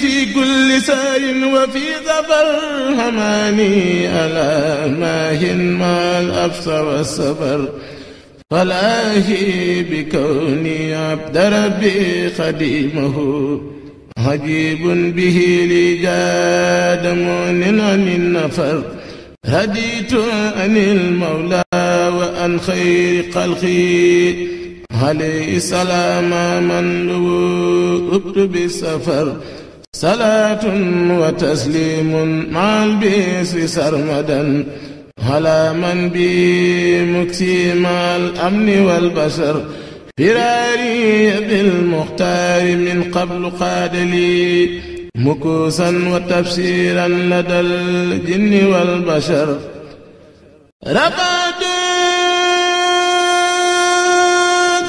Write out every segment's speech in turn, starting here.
في كل سار وفي ظفر هماني ألا ماهن ما الأبصر والصبر فلاهي بكوني عبد ربي خديمه عجيب به لي جاد مؤن عن النفر هديت عن المولى وعن خير خلقي عليه السلام من لو أكتب السفر salaatun wa tasliimun maal biis wi sarmadan ala man bi muksimaal amni wal bashar firaari bil muxtaari min qablu qaadali mukuusan wa tafsiiran ladal jinni wal bashar rabaatu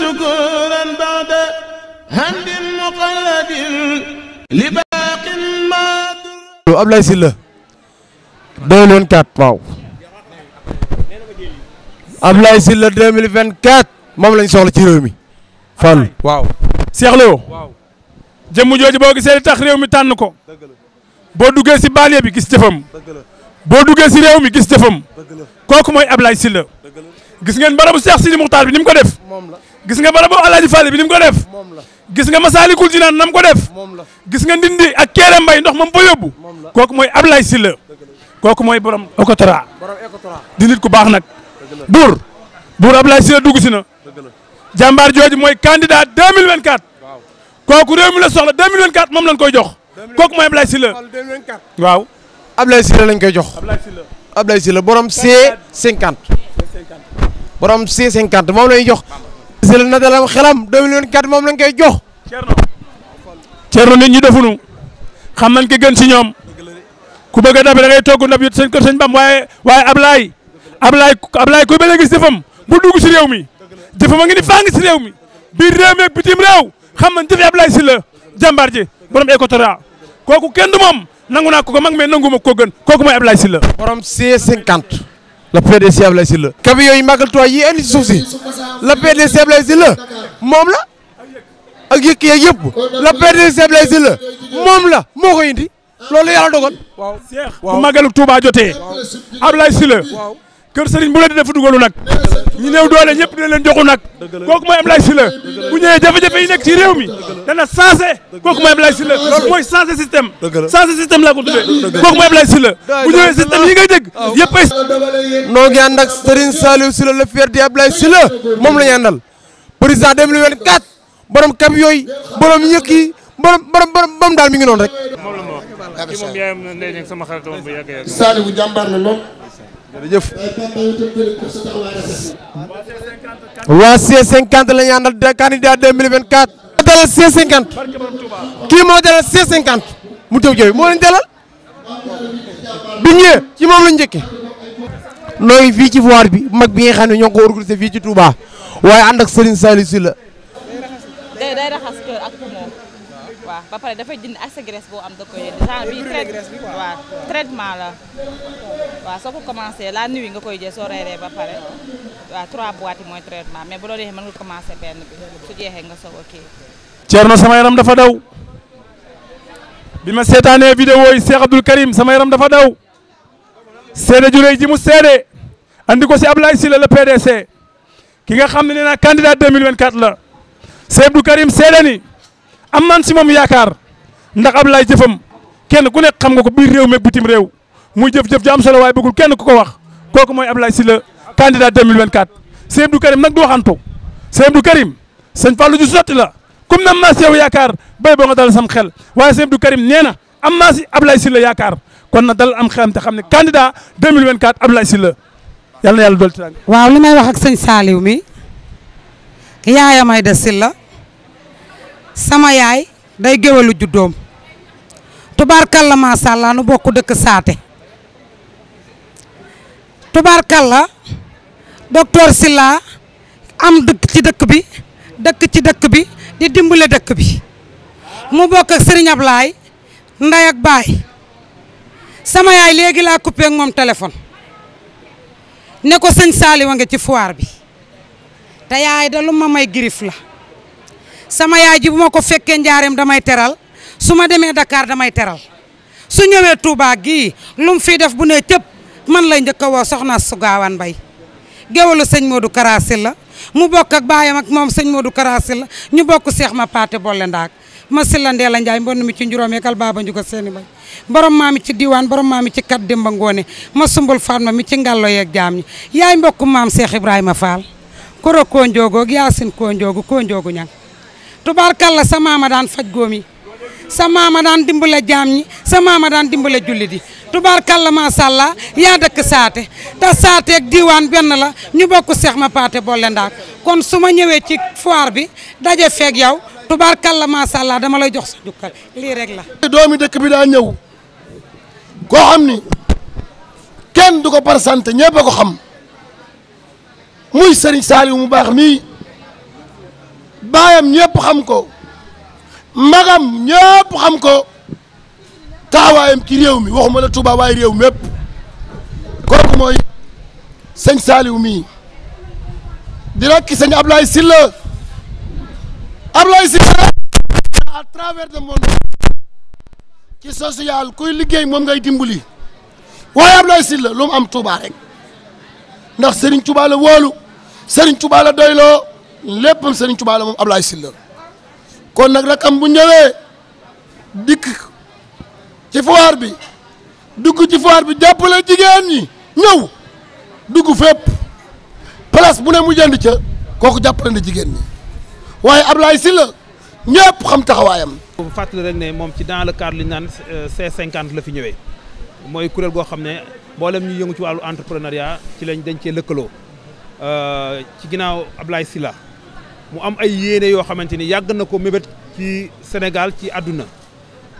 sukuuran baada hamdin muqalladin Ablaye Sylla deux mille quatre waaw Ablaye Sylla deux mille vingt quatre moom lañ soxla ci réew mi fan waaw Cheikh Lo jëmm jooju boo gisee li tax réew mi tànn ko boo duggee si banlieue bi gis jëfam boo duggee si réew mi gis jëfam kooku mooy Ablaye Sylla gis ngeen barabu Cheikh Sidi Moukhtar bi ni mu ko def gis nga barabu Alaaji Fall bi ni mu ko def gis nga Masaalikul Jinaan nam ko def gis nga ndindi ak Kéré Mbay ndox ma fa yóbbu kooku mooy Ablaye Sylla kooku mooy borom Ecotra di nit ku baax nag buur buur Ablaye Sylla dugg si na jàmbaar jooju mooy candidat 2024 kooku réew mi la soxla 2024 moom lañ koy jox kooku mooy Ablaye Sylla waaw Ablaye Sylla lañ koy jox Ablaye Sylla borom C50 borom moom lay jox jël na dalam xelam 2 millions 4 moom lañ koy jox. Thierno Thierno nit ñi defunu xam nañ ke gën si ñoom ku bëgg a dab da ngay togg ndab yu seen kër sëñ Bam waaye waaye Ablaye Ablaye Ablaye ku bëgg a gis jëfam bu dugg si réew mi jëfam a ngi ni faa ngi si réew mi biir réew mi ak bitim réew xam nañ jëfi Ablaye si la jàmbaar ji borom Ecotra kooku kenn du moom nangu naa ko ko mag mais nangu ma ko gën kooku mooy Ablaye Sylla borom C50 le PDG Ablaye Sylla kabi yooyu màggal Tuubaa yi indi ci suuf si le PDG Ablaye Sylla moom la ak yëkk yeeg yëpp le PDG Ablaye Sylla moom la moo ko indi loolu yàlla dogal waaw Cheikh bu màggalu Tuubaa jotee Ablaye Sylla kër sëriñ bu la di def dugalu nag ñu néew doole ñëpp dina leen joxu nag kooku mooy Ablaye Sylla bu ñëwee jafe-jafe yi nekk ci réew mi dana changé kooku mooy Ablaye Sylla loolu mooy changé système changé système laa ko tuddee kooku mooy Ablaye Sylla bu ñëwee système yi ngay dégg yëpp ay noo ngi ànd ak Serigne Saliou Sylla di Ablaye Sylla moom la ñu àndal président 2024 borom kam yooyu borom ñëkk yi borom borom borom borom daal mi ngi noonu rek moom la ma wax ki moom bu yàgg yàgg Saliou jërëjëf. waa C50 la ñu àndal candidat 2024. moo dalal C50. kii moo dalal C50. mu tëb jëf moo dalal. bi ñëwee ci moom la njëkke noo fii ci foire bi mag bi nga xam ne ñoo ngi ko organisé fii ci Touba waaye ànd ak Serigne Saliou si la ba pare dafay ak accès graisse boo am da koy dindi ah, genre bi traitement la waaw soo ko commencé la nuit nga koy jël soo reeree ba pare waaw trois boîtes yi mais bu loo dee mën nga commencé benn bi su jeexee nga soog a kii. Thierno sama yaram dafa daw bi ma seetaanee vidéo yi Cheikh Abdoul Karim sama yaram dafa daw seede ju jimu ji seede andi ko si Ablaye Sylla la PDC ki nga xam ne nee naa candidat 2024 la Cheikh Abdoul Karim seede ni am naan si moom yaakaar ndax Ablaye jëfam kenn ku nekk xam nga ko biir réew meeg bitim réew muy jëf-jëf ju am solo waaye bëggul kenn ku ko wax kooku mooy Ablaye Sylla candidat 2024. Sëñ Abdou Karim nag du waxantu Sëñ Abdou Karim sëñ Fallou ju sotti la comme nam naa si yaakaar béy boo nga dal sam xel waaye Sëñ Abdou Karim nee na am naa si Ablaye Sylla yaakaar kon na dal am xelam te xam ne candidat 2024 Ablaye Sylla yàlla na yàlla dolli waaw li may wax ak sëñ Saliou mi yaayam Aïda Sylla sama yaay day géwalu juddoom tubaarkalla macha allah nu bokk dëkk saate tubaarkalla docteur Silla am dëkk ci dëkk bi dëkk ci dëkk bi di dimbale dëkk bi mu bokk ak Serigne Ablaye baay sama yaay léegi laa coupé ak moom téléphone ne ko sëñ Saali wa nga ci foire bi te yaay da ma may girif sama yaay ji bu ma ko fekkee njaareem damay teral su ma demee Dakar damay teral su ñëwee Touba gi lu mu fiy def bu ne cëpp man lay njëkk a woo soxna su gaawaan bay géwalu sëñ Modou Karasil la mu bokk ak baayam ak moom sëñ Modou Karasil la ñu bokk seex ma paate boole ndaak ma silla ndeela njaay mbon mi ci njuróom yeekal baaba njuga seeni bay borom maa mi ci diwaan borom maa mi ci kat dimba ngoone ma sumbul Fatma mi ci ngallo yeeg jaam ñi yaay mbokk maam seex Ibrahima Fall koro koo njoogoog yaasin koo njoogu tubaarkalla sa maama daan faj góom yi sa maama daan dimbale jaam ñi sa maama daan dimbale jullit yi tubaarkalla macha allah yaa dëkk saate te saate diwaan benn la ñu bokk seex ma paate boole ndaak kon su ma ñëwee ci foire bi daje feeg yow tubaarkalla macha allah dama lay jox sa jukkal lii rek la. doomi dëkk bi daa ñëw koo xam ni kenn du ko par sant ñëpp a ko xam muy Serigne Saliou baax mii. baayam ñëpp xam ko magam ñëpp xam ko taxawaayam ci réew mi waxuma la Touba waaye réew mépp kooku mooy sëñ Saliou mii di rakki sëñ Ablaye Sylla Ablaye Sylla à travers le monde ci social kuy liggéey moom ngay dimbali waaye Ablaye Sylla lu mu am Touba rek ndax Serigne Touba la wóolu Serigne Touba la doyloo léppam sëriñ Tuubaa la moom Ablaye Sylla kon nag rakam bu ñëwee dikk ci foire bi dugg ci foire bi jàppale jigéen ñi ñëw dugg fépp place bu ne mu jënd ca kooku jàppale na jigéen ñi waaye ab Ablaye Sylla ñëpp xam taxawaayam. bu fàttali rek ne moom ci dans le cadre li naan euh, c cinquante la fi ñëwee mooy kuréel goo xam ne mboolem ñu yëngu ci wàllu entrepreneuriat ci lañ dañ cee lëkkaloo euh, ci ginnaaw Ablaye Sylla mu am ay yéene yoo xamante ni yàgg na ko mébét ci Sénégal ci àdduna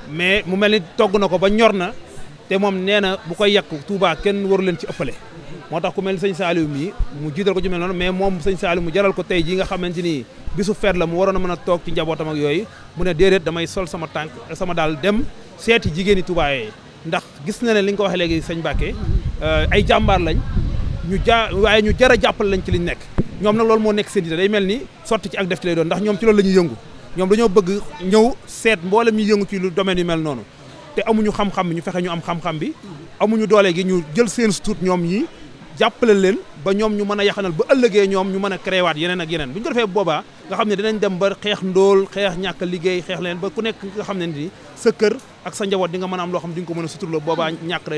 mais mu mel ni togg na ko ba ñor na te moom nee na bu koy yàq Touba kenn waru leen ci ëppale moo tax ku mel ni sëñ Saliou mii mu jiital ko ci mel mais moom sëñ mu jaral ko tey jii nga xamante ni bisu feet la mu waroon a mën a toog ci njabootam ak yooyu mu ne déedéet damay sol sama tànk sama daal dem seeti jigéeni Touba yooyu ndax gis na ne li nga ko waxee léegi sëñ Mbacke euh, ay jàmbaar lañ ñu jaa waaye ñu jar a jàppal lañ ci liñ nekk ñoom nag loolu moo nekk seen idée day mel ni sotti ci ak def ci lay ñoom ci loolu la ñuy yëngu ñoom dañoo bëgg ñëw seet mboolem ñu yëngu ci lu domaine yu mel noonu te amuñu xam ñu fexe ñu am xam bi amuñu doole gi ñu jël seen stuut ñoom ñi jàppale leen ba ñoom ñu mën a yaxanal ba ëllëgee ñoom ñu mën a créé yeneen ak yeneen bu ñu ko defee boobaa nga xam ne dinañ dem ba xeex ndool xeex ñàkk liggéey xeex leen ba ku nekk nga xam ne ni sa kër ak sa njaboot di nga mën a am loo xam di nga ko mën a suturloo boobaa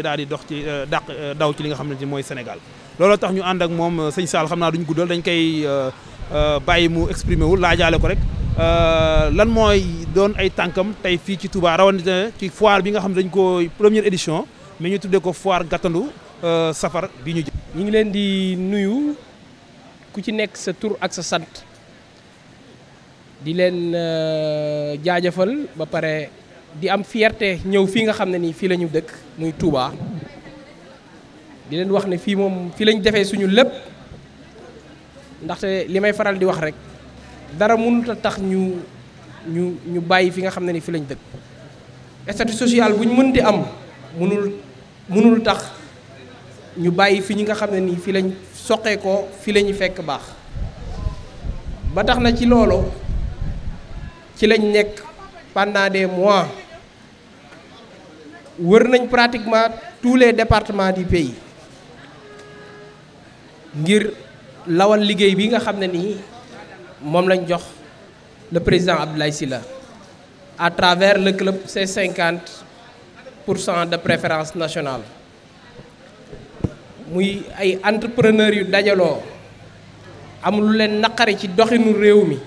daal di dox euh, euh, daw ci xam ne mooy Sénégal looloo tax ñu ànd ak moom euh, sëñ Saal xam naa duñ guddal dañ koy euh, euh, bàyyi mu exprimer wu laajaale ko rek lan mooy doon ay tànkam tey fii ci Touba rawatina ci foire bi nga xam ne dañ ko première édition mais ñu tuddee ko foire gàttandu safar bi ñu jë ñu ngi leen di nuyu ku ci nekk sa tur ak sa sant di leen jaajëfal ba pare di am fierte ñëw fii nga xam ne nii fii la ñu dëkk muy tuubaa di leen wax ne fii moom fi lañ defee suñu lépp ndaxte li may faral di wax rek dara mënut tax ñu ñu ñu bàyyi fi nga xam ne ni fi lañ dëkk statut social bu ñu mënti am mënul mënul tax ñu bàyyi fi ñi nga xam ne nii fi lañ soqee ko fi la ñu fekk baax ba tax na ci looloo ci lañ nekk pendant des mois wër nañ pratiquement tous les départements du pays ngir lawal liggéey bi nga xam ne nii moom lañ jox le président Abdoulaye Sylla à travers le club c'est cinquante pour cent de préférence nationale muy ay entrepreneurs yu dajaloo am lu leen naqari ci doxinu réew mi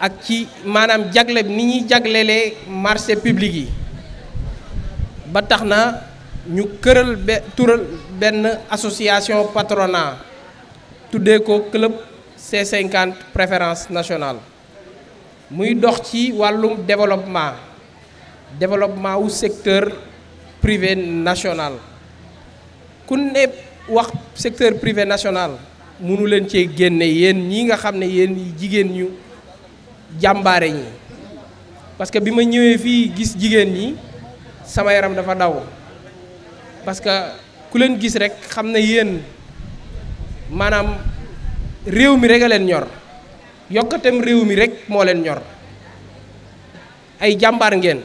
ak ci maanaam jagle ni ñuy jaglelee marché public yi ba tax na ñu këral tural benn association patronat tuddee ko club C50 préférence nationale muy dox ci wàllum développement développement wu secteur privé national ku ne wax secteur privé nationale munu leen cee génne yéen ñi nga xam ne yéen jigéen ñu jàmbaare ñi parce que bi ma ñëwee fii gis jigéen ñi sama yaram dafa daw parce ku leen gis rek xam na yéen maanaam réew mi rek a leen ñor yokkatem réew mi rek moo leen ñor ay jàmbaar ngeen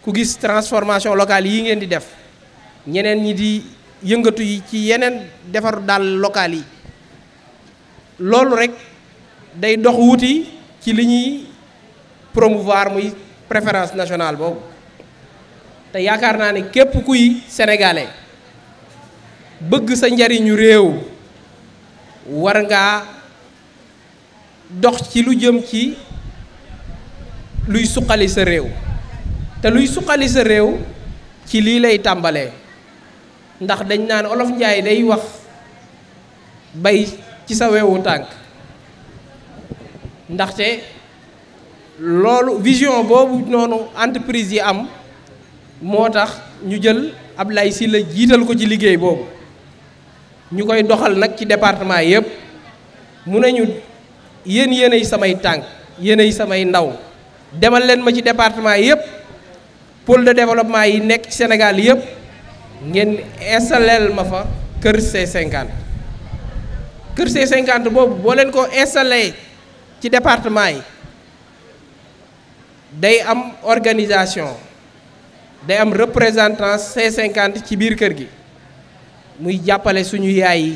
ku gis transformation locale yi ngeen di def ñeneen ñi di yëngatu yi ci yeneen defar daal locale yi loolu rek day dox wuti ci li ñuy promouvoir muy préférence nationale boobu te yaakaar naa ne képp kuy sénégalais. bëgg sa njariñu réew war ngaa dox ci lu jëm ci luy suqali sa réew te luy suqali sa réew ci lii lay tàmbalee ndax dañ naan olof njaay day wax bay ci sa wewu tànk ndaxte loolu vision boobu noonu entreprise yi am moo tax ñu jël Ablaye Sylla jiital ko ci liggéey boobu ñu koy doxal nag ci département yëpp mu nañu yéen yi samay tànk yi samay ndaw demal leen ma ci département yëpp pôle de développement yi nekk ci Sénégal yëpp ngeen installeel ma fa kër C50 kër C50 boobu boo leen ko installé ci département yi day am organisation day am représentant C50 ci biir kër gi muy jàppale suñu yaay yi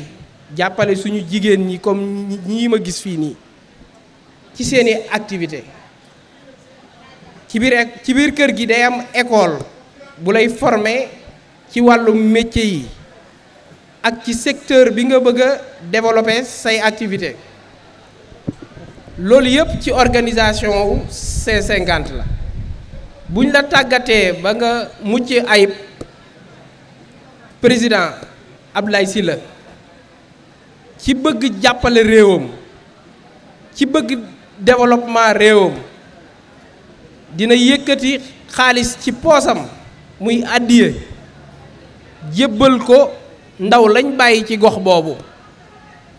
jàppale suñu jigéen ñi comme ñii ma gis fii nii ci seeni activité ci biir ci biir kër gi day am école bu lay former ci wàllum métier yi ak ci secteur bi nga bëgg a développer say activité loolu yëpp ci organisation wu C50 la buñ la tàggatee ba nga mucc ayib président Abdoulaye Sylla ci bëgg jàppale réewam ci bëgg développement réewam dina yëkkati xaalis ci poosam muy àddiye jébbal ko ndaw lañ bàyyi ci gox boobu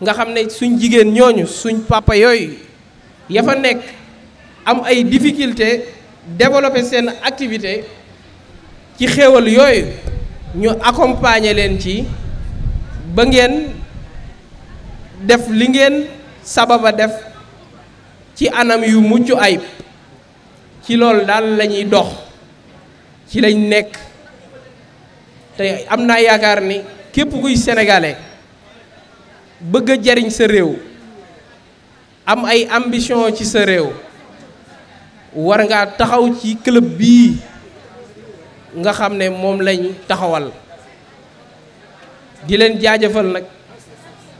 nga xam ne suñ jigéen ñooñu suñ papa yooyu yafa nekk am ay difficulté développer seen activité ci xéewal yooyu ñu accompagner leen ci ba ngeen def li ngeen sababa def ci anam yu mucc ayib ci loolu daal lañuy dox ci lañ nekk te am na yaakaar ni képp kuy senegale bëgg jariñ sa réew am ay ambition ci sa réew war ngaa taxaw ci club bii nga xam ne moom lañ taxawal di leen jaajëfal nag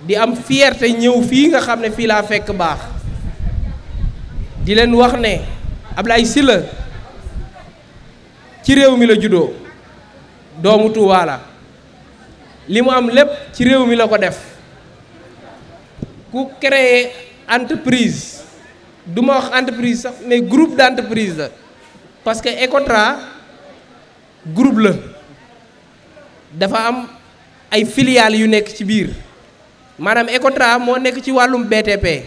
di am fierté ñëw fii nga xam ne fii laa fekk baax di leen wax ne Ablaye Sylla ci réew mi la juddoo doomu Touba li mu am lépp ci réew mi la ko def ku créer entreprise du ma wax entreprise sax mais groupe d'entreprise la parce que Ecotra groupe la dafa am ay filiales yu nekk ci biir maanaam Ecotra moo nekk ci wàllum BTP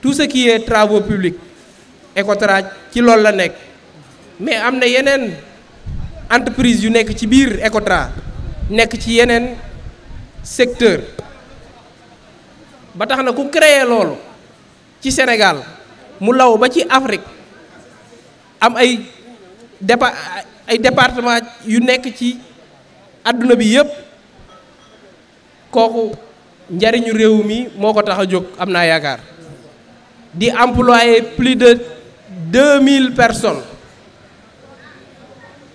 tout ce qui est travaux publics ci loolu la nekk mais am na yeneen entreprise yu nekk ci biir Ecotra nekk ci yeneen secteur ba tax na ku créer loolu ci Sénégal mu law ba ci Afrique am ay dépa département yu nekk ci àdduna bi yëpp kooku njariñu réew mi moo ko tax a jóg am naa yaakaar di employé plus de deux mille personnes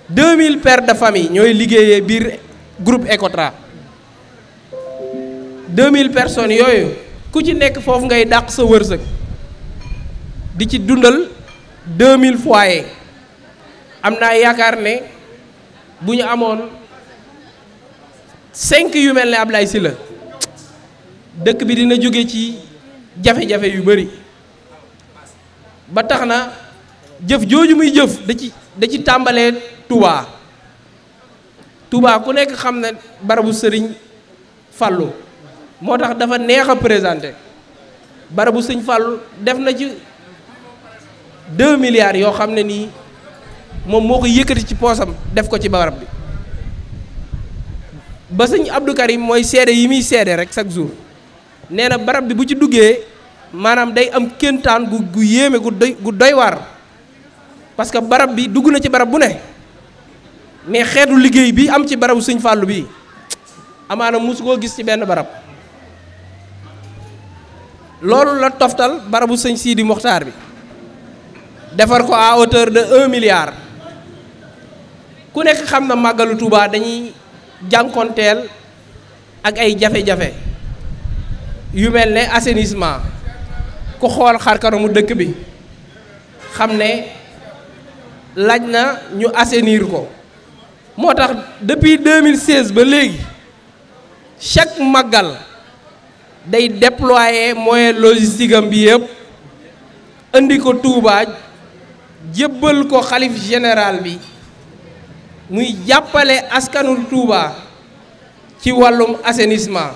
deux mille pères de famille ñooy liggéeyee biir groupe Ecotra deux mille personnes yooyu ku ci nekk foofu ngay dàq sa wërsëg di ci dundal deux mille am naa yaakaar ne bu ñu amoon. cinq yu mel ne Ablaye la dëkk bi dina jóge ci jafe-jafe yu bari ba tax na jëf jooju muy jëf da ci da ci tàmbalee Touba Touba ku nekk xam ne barabu sëriñ fàllu moo tax dafa neex a présenté barabu sëñ Fallou def na ci deux milliards yoo xam ne nii moom moo ko yëkkati ci poosam def ko ci barab bi ba sëñ Abdou mooy seede yi muy seede rek chaque jour nee na barab bi bu ci duggee maanaam day am kéntaan gu gu yéeme gu doy gu doy waar parce que barab bi dugg na ci barab bu ne mais xeetu liggéey bi am ci barabu sëñ Fallou bi amaana mosu koo gis ci benn barab loolu la toftal barabu sëñ Sidi Mokhtar bi defar ko à hauteur de un ku nekk xam na màggalu Touba dañuy. jànkonteel ak ay jafe-jafe yu mel ni assainissement ku xool xarkanamu dëkk bi xam ne laaj na ñu assainir ko moo tax depuis 2016 ba léegi chaque màggal day déployer moyen logistique bi yëpp indi ko Touba jébbal ko xalif général bi muy jàppale askanu Touba ci wàllum assainissement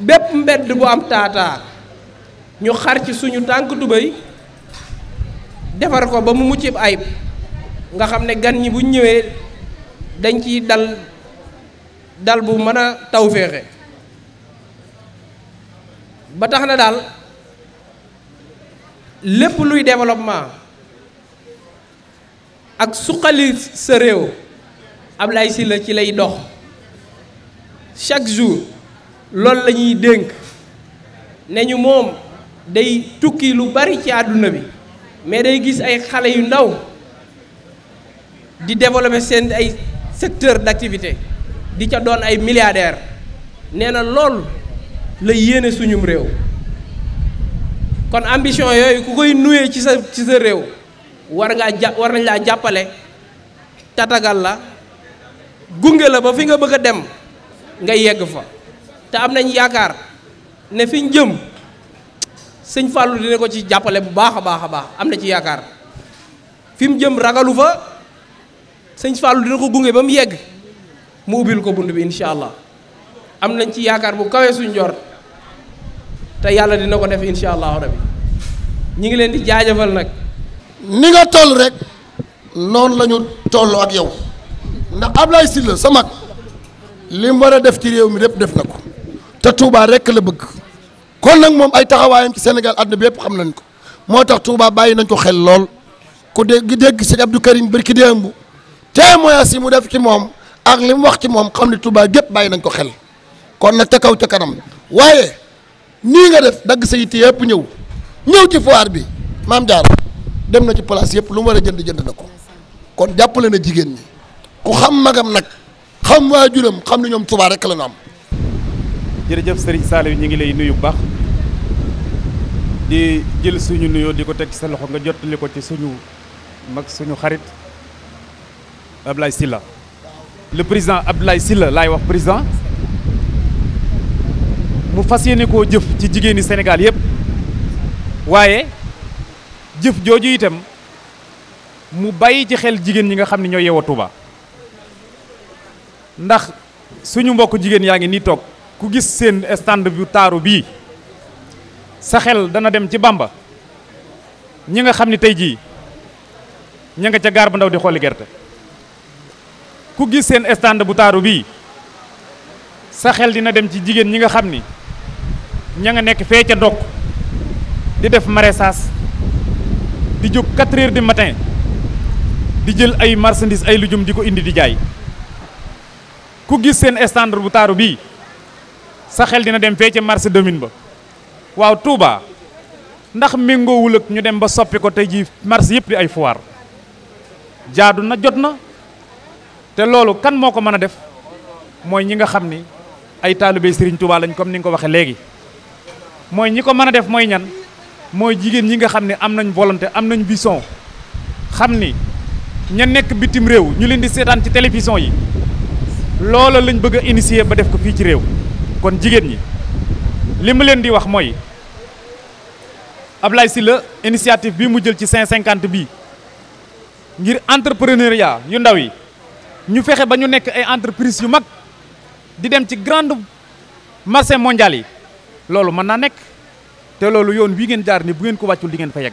bépp mbedd bu am taataa ñu xar ci suñu tànk tubéy defar ko ba mu muccib ayib nga xam ne gan ñi bu ñëwee dañ ci dal dal bu mën a tawféexe ba tax na daal lépp luy développement ak suqali sa réew Ablaye Sylla ci lay dox chaque jour loolu lañuy dénk ne ñu moom day tukki lu bari ci àdduna bi mais day gis ay xale yu ndaw di développer seen ay secteur d'activité di ca doon ay milliardaire nee na loolu la yéene suñum réew kon ambition yooyu ku koy nuyee ci sa ci sa réew war ngaa jà war nañ laa jàppale tatagal la gunge la ba fi nga bëgg a dem nga yegg fa te am nañ yaakaar ne fi jëm sëñ Fallou dina ko ci jàppale bu baax a baax a baax am na ci yaakaar fi mu jëm ragalu fa sëñ Fallou dina ko gunge ba mu yegg mu ubbil ko bunt bi incha allah am nañ ci yaakaar bu kawee suñ jor te yàlla dina ko def incha allahu rabi ñu ngi leen di jaajëfal nag. ni nga toll rek noonu lañu ñu ak yow ndax Ablaye Sylla sa mag li war a def ci réew mi lépp def na ko te Touba rekk la bëgg kon nag moom ay taxawaayam ci senegal àdduna bi yëpp xam nañ ko moo tax Touba bàyyi nañ ko xel lool ku dégg dégg sëñ Abdou Karim barki démb témoignage yi mu def ci moom ak li mu wax ci moom xam ne Touba gépp bàyyi nañ ko xel kon nag ca kaw ca kanam waaye nii nga def dagg sa yitte yëpp ñëw ñëw ci foire bi maam Diarra. dem na ci place yëpp lu mu war a jënd jënd na ko kon jàppale na jigéen ñi ku xam magam nag xam waajuram xam ni ñoom Touba rekk lañu am. jërëjëf Serigne Saliou ñu ngi lay nuyu bu baax di jël suñu nuyoo di ko teg ci sa loxo nga jottali ko ci suñu mag suñu xarit Ablaye Sylla le président Abdoulaye Sylla laay wax président mu fas yéene koo jëf ci jigéeni Sénégal yëpp waaye. jëf jooju itam mu bàyyi ci xel jigéen ñi nga xam ne ñoo yeewoo Touba ndax suñu mbokk jigéen yaa ngi nii toog ku gis seen stand bu taaru bii sa xel dana dem ci Bamba ñi nga xam ni tey jii ña nga ca gaar bu ndaw di xooli gerte ku gis seen stand bu taaru bii sa xel dina dem ci jigéen ñi nga xam ni ña nga nekk fee ca ndokk di def maraîchage di jóg 4 heures du matin di jël ay marchandises ay lujum di ko indi di jaay ku gis seen standard bu taaru bii sa xel dina dem fee ca marché domine ba waaw Touba ndax méngoowul ak ñu dem ba soppi ko tey jii marché yëpp di ay foire jaadu na jot na te loolu kan moo ko mën a def mooy ñi nga xam ni ay taalibe Serigne Touba lañ comme ni nga ko waxee léegi mooy ñi ko mën a def mooy ñan. mooy jigéen ñi nga xam ne am nañ volonté am nañu bison xam ni ña nekk bitim réew ñu leen di seetaan ci télévision yi loola lañ bëgg a initier ba def ko fii ci réew kon jigéen ñi li ma leen di wax mooy Ablaye la initiative bi mu jël ci 550 bii ngir entrepreneuriat yu ndaw yi ñu fexe ba ñu nekk ay entreprise yu mag di dem ci grande marché mondial yi loolu mën naa nekk te loolu yoon wi ngeen jaar bu ngeen ko wàccul di fa yegg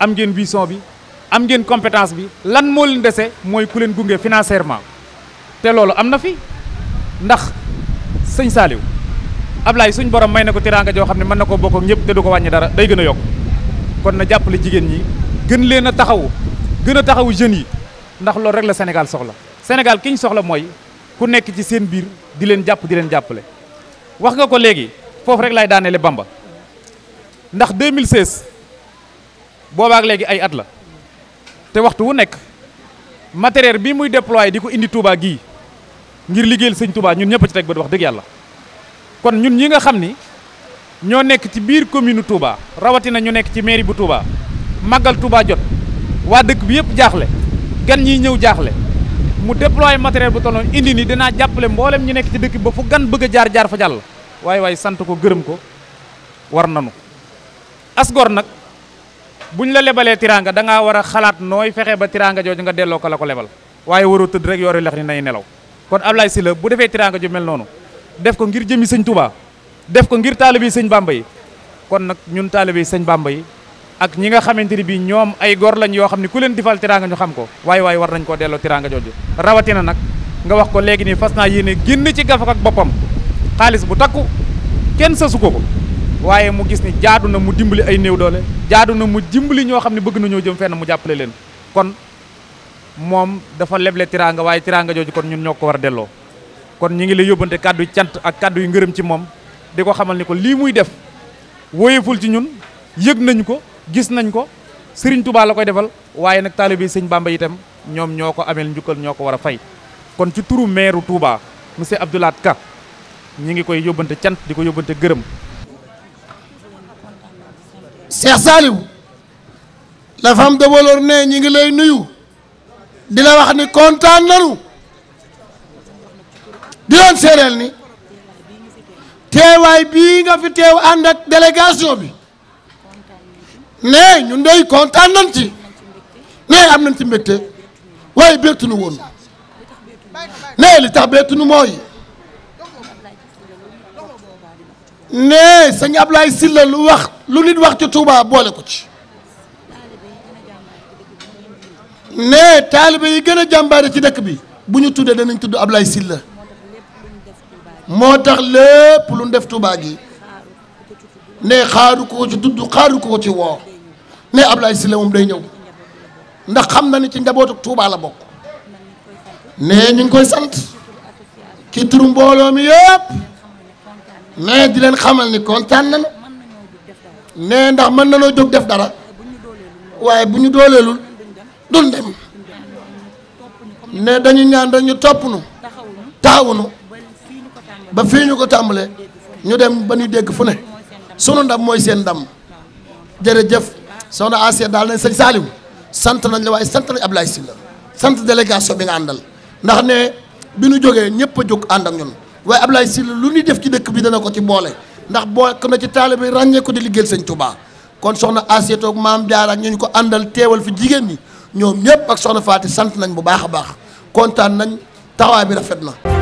am ngeen vision bi am ngeen compétence bi lan moo leen mooy ku leen gunge financièrement te loolu am na fi ndax sëñ Saaliw Ablaay suñ borom may na ko teraanga joo xam ne mën na koo bokk ak ñëpp te du ko wàññi dara day gën a yokk kon na jàppale jigéen ñi gën leen a taxawu gën a taxawu jeunes yi ndax loolu rek la Sénégal soxla Sénégal ki ñu soxla mooy ku nekk ci seen biir di leen jàpp di leen jàppale wax nga ko léegi foofu rek laay daaneele Bamba ndax 2016 boobaak léegi ay at la te waxtu wu nekk matériel bi muy déployé di ko indi Touba gii ngir liggéeyal sëñ Touba ñun ñëpp ci teg ba wax dëgg yàlla kon ñun ñi nga xam ni ñoo nekk ci biir commune Touba rawatina ñu nekk ci mairie bu Touba màggal Touba jot waa dëkk bi yëpp jaaxle gan ñiy ñëw jaaxle mu déployé matériel bu tolloon indi ni dinaa jàppale mboolem ñu nekk ci dëkk ba fu gan bëgg jaar jaar fa jàll waaye waaye sant ko gërëm ko war nanu asgor nag buñ la lebalee tiraanga da ngaa war a xalaat nooy fexe ba tiraanga jooju nga delloo ko la ko lebal waaye waroo tëdd rek yooru lex ni nay nelaw kon Ablaye Sylla bu defee tiraanga ju mel noonu def ko ngir jëmi sëñ tubaa def ko ngir taalibe sëñ Bamba yi kon nag ñun taalibe sëñ Bamba yi ak ñi nga xamante ni bii ñoom ay gor lañ yoo xam ne ku leen difal tiraanga ñu xam ko waaye waaye war nañ koo delloo tiraanga jooju na nag nga wax ko léegi nii fas naa yéene génn ci gafak ak boppam bu takku kenn sasu ko ko waaye mu gis ni jaadu na mu dimbali ay néew doole jaadu na mu dimbali ñoo xam ne bëgg nañoo jëm fenn mu jàppale leen kon moom dafa leble tiraanga waaye tiraanga jooju kon ñun ñoo ko war a delloo kon ñu ngi lay yóbbante kàddu cant ak kàddu yu ngërëm ci moom di ko xamal ni ko lii muy def woyeful ci ñun yëg nañ ko gis nañ ko Serigne Touba la koy defal waaye nag taalibe yi Sëñ Bamba itam ñoom ñoo ko ameel njukkal ñoo ko war a fay kon ci turu meeru Touba monsieur Abdoulaye Ka ñi ngi koy yóbbante cant di ko yóbbante gërëm Cheikh Saliou la femme de Wolor ñi ngi lay nuyu di la wax ni kontaan nanu di leen séeréel ni teewaay bii nga fi teew ànd ak délégation bi ne ñun dey kontaan nañ ci ne am nañ ci mbégte waaye beetunu woon ne li tax beetunu mooy nee sëñ Ablaye Sylla lu wax lu nit wax ci Touba boole ko ci nee taalibe yi gën a jàmbaare ci dëkk bi bu ñu tuddee danañ tudd Ablaye Sylla moo tax lépp def Touba gi nee xaaru ko xaaru ko ci woo nee Ablaye Sylla moom day ñëw ndax xam na ni ci njabootu tuubaa la bokk nee ñu ngi koy sant ci turu mbooloo mi yëpp. mais di leen xamal ni kontaan nañu ne ndax mën na nañoo jóg def dara waaye bu ñu dooleelul duñ dem ne dañu ñaan dañu topp nu taawunu ba fii ñu ko tàmbalee ñu dem ba ñu dégg fu ne sunu ndam mooy seen ndam jërëjëf soxna Asiya daal nañ sëñ Saaliw sant nañ la waaye sant nañ Ablaye Sylla sant délégation bi nga àndal ndax ne bi ñu jógee ñëpp a jóg ànd ak ñun waaye Ablaye Sylla lu ñuy def ci dëkk bi dana ko ci boole ndax boole ko na ci taalibe bi ràññee ko di liggéeyal sëñ Touba kon soxna Aseetoog maam Diarra ak ñu ko àndal teewal fi jigéen ñi ñoom ñëpp ak soxna Faati sant nañ bu baax a baax kontaan nañ taxawaay bi rafet na.